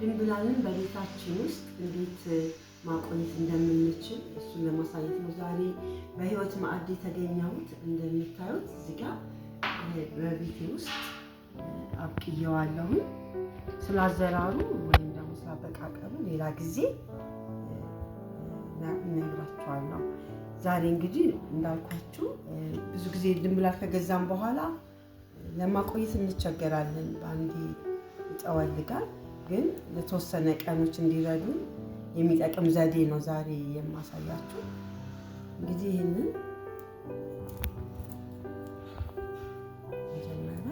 ድንብላልን በቤታችን ውስጥ እንዴት ማቆየት እንደምንችል እሱን ለማሳየት ነው ዛሬ በህይወት ማዕድ የተገኘሁት። እንደሚታዩት እዚህ ጋር በቤቴ ውስጥ አብቅየዋለሁ ስላዘራሩ ወይም ደግሞ ስላበቃቀሉ ሌላ ጊዜ እነግራችኋለሁ። ዛሬ እንግዲህ እንዳልኳችሁ ብዙ ጊዜ ድንብላል ከገዛም በኋላ ለማቆየት እንቸገራለን። በአንዴ ይጠወልጋል። ግን ለተወሰነ ቀኖች እንዲረዱ የሚጠቅም ዘዴ ነው ዛሬ የማሳያችሁ። እንግዲህ ይህንን ጀመረ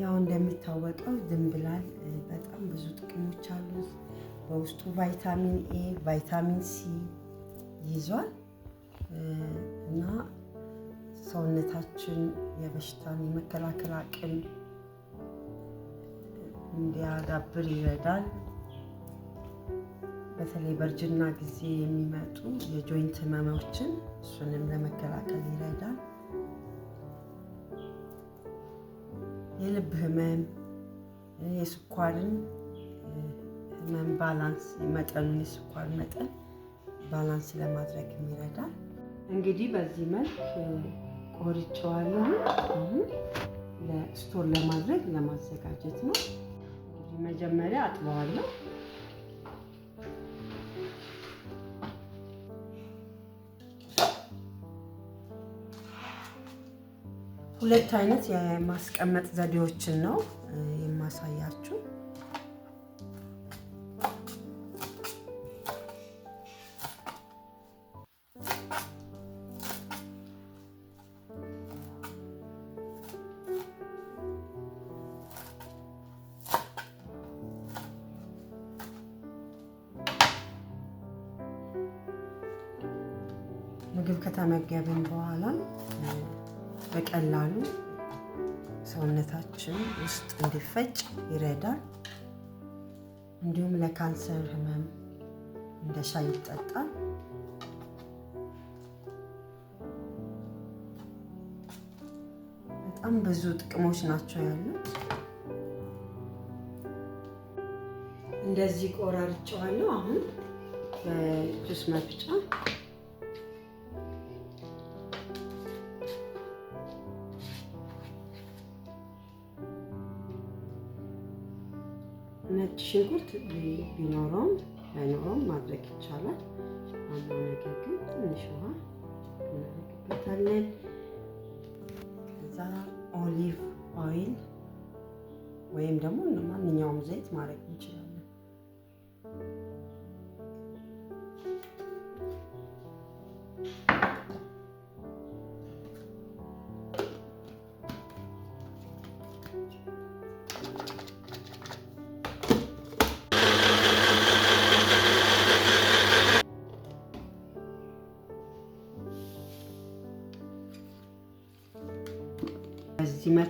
ያው እንደሚታወቀው ድንብላል በጣም ብዙ ጥቅሞች አሉት። በውስጡ ቫይታሚን ኤ፣ ቫይታሚን ሲ ይዟል እና ሰውነታችን የበሽታን የመከላከል አቅም እንዲያዳብር ይረዳል። በተለይ በእርጅና ጊዜ የሚመጡ የጆይንት ህመሞችን እሱንም ለመከላከል ይረዳል። የልብ ህመም፣ የስኳርን ህመም ባላንስ መጠኑን የስኳር መጠን ባላንስ ለማድረግ የሚረዳ እንግዲህ በዚህ መልክ ቆርጬዋለሁ። ለስቶር ለማድረግ ለማዘጋጀት ነው። መጀመሪያ አጥበዋለሁ። ሁለት አይነት የማስቀመጥ ዘዴዎችን ነው የማሳያችሁ። ምግብ ከተመገብን በኋላ በቀላሉ ሰውነታችን ውስጥ እንዲፈጭ ይረዳል። እንዲሁም ለካንሰር ህመም እንደ ሻይ ይጠጣል። በጣም ብዙ ጥቅሞች ናቸው ያሉት። እንደዚህ ቆራርጨዋለሁ። አሁን በጁስ መፍጫ ነጭ ሽንኩርት ቢኖረውም ባይኖረውም ማድረግ ይቻላል። አንዱ ነገር ግን ትንሽ ውሃ እናደርግበታለን። ከዛ ኦሊቭ ኦይል ወይም ደግሞ ማንኛውም ዘይት ማድረግ እንችላለን።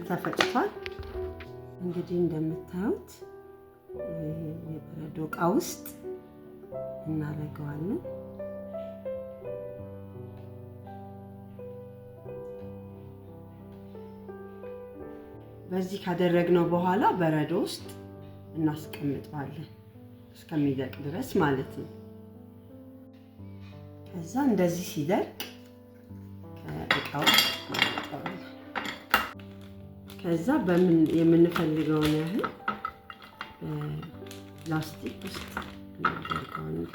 ተፈጭቷል። እንግዲህ እንደምታዩት የበረዶ ዕቃ ውስጥ እናደርገዋለን። በዚህ ካደረግነው በኋላ በረዶ ውስጥ እናስቀምጠዋለን እስከሚደርቅ ድረስ ማለት ነው። ከዛ እንደዚህ ሲደርቅ ከእቃው ከዛ በምን የምንፈልገውን ያህል ላስቲክ ውስጥ እናደርገዋለን።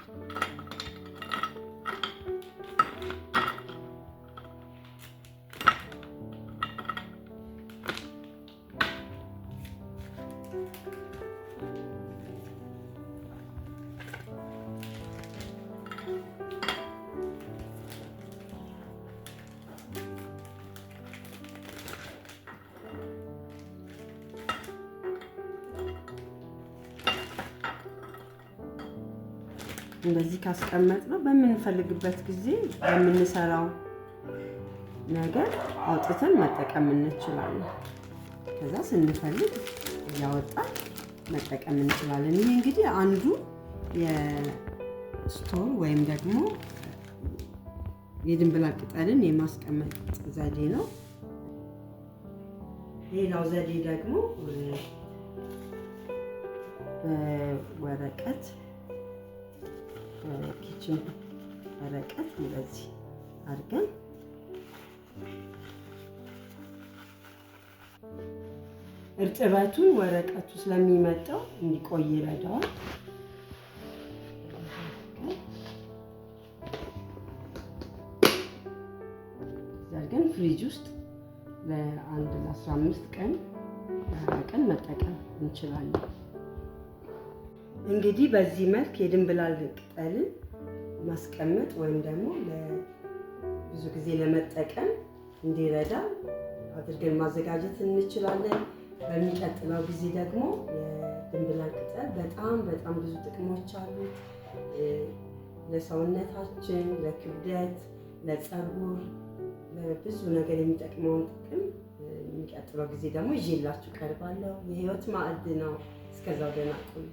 እንደዚህ ካስቀመጥ ነው በምንፈልግበት ጊዜ በምንሰራው ነገር አውጥተን መጠቀም እንችላለን። ከዛ ስንፈልግ እያወጣን መጠቀም እንችላለን። ይህ እንግዲህ አንዱ የስቶር ወይም ደግሞ የድንብላ ቅጠልን የማስቀመጥ ዘዴ ነው። ሌላው ዘዴ ደግሞ በወረቀት ይችን ወረቀት እንደዚህ አድርገን እርጥበቱን ወረቀቱ ስለሚመጣው እንዲቆይ ይረዳዋል። ግን ፍሪጅ ውስጥ ለአንድ ለ15 ቀን ቀን መጠቀም እንችላለን። እንግዲህ በዚህ መልክ የድንብላል ቅጠልን ማስቀመጥ ወይም ደግሞ ብዙ ጊዜ ለመጠቀም እንዲረዳ አድርገን ማዘጋጀት እንችላለን። በሚቀጥለው ጊዜ ደግሞ የድንብላል ቅጠል በጣም በጣም ብዙ ጥቅሞች አሉት። ለሰውነታችን፣ ለክብደት፣ ለፀጉር፣ ለብዙ ነገር የሚጠቅመውን ጥቅም የሚቀጥለው ጊዜ ደግሞ ይዤላችሁ ቀርባለሁ። የህይወት ማዕድ ነው። እስከዛው ደህና ቆዩ።